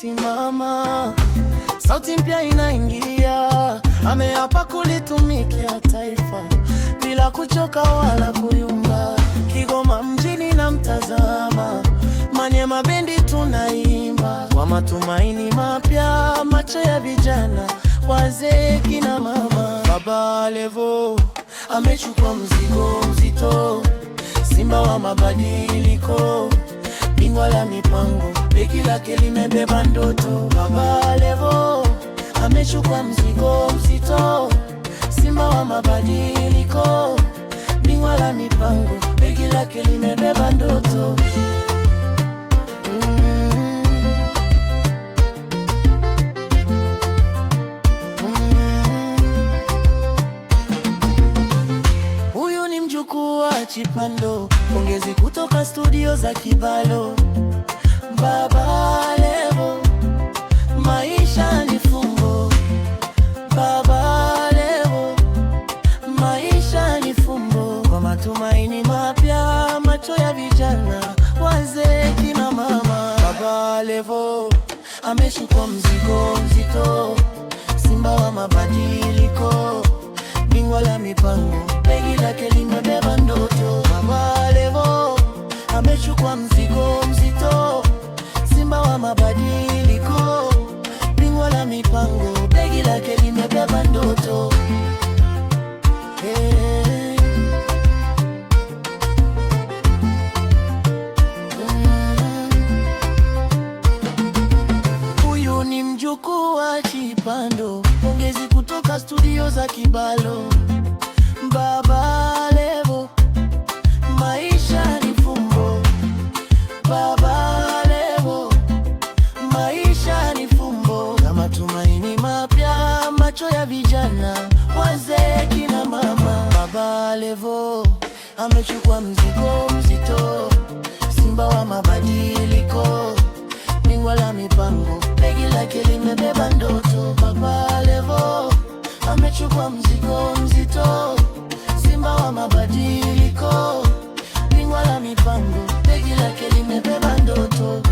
Simama, sauti mpya inaingia. Ameapa kulitumikia taifa bila kuchoka wala kuyumba. Kigoma mjini na mtazama, Manyema bendi tunaimba kwa matumaini mapya, macho ya vijana, wazee, kina mama. Baba Levo amechukua mzigo mzito, simba wa mabadiliko Bingwa la mipango, beki lake limebeba ndoto. Baba Levo amechukua mzigo mzito, simba wa mabadiliko Chipando, pongezi kutoka studio za Kibalo. Baba Levo, maisha ni fumbo. Baba Levo, maisha ni fumbo. Kwa matumaini mapya, macho ya vijana, wazee, kina mama. Baba Levo ameshukwa mzigo mzito, simba wa mabadiliko wala mipango, begi lake limebeba ndoto. Mama Levo amechukua mzigo studio za Kibalo, Baba Levo, maisha ni fumbo. Baba Levo, maisha ni fumbo, na matumaini mapya, macho ya vijana, wazee, kina mama. Baba Levo amechukua mzigo mzito, simba wa mabadiliko amechukua mzigo mzito, simba wa mabadiliko, bingwa la mipango, begi lake limebeba ndoto.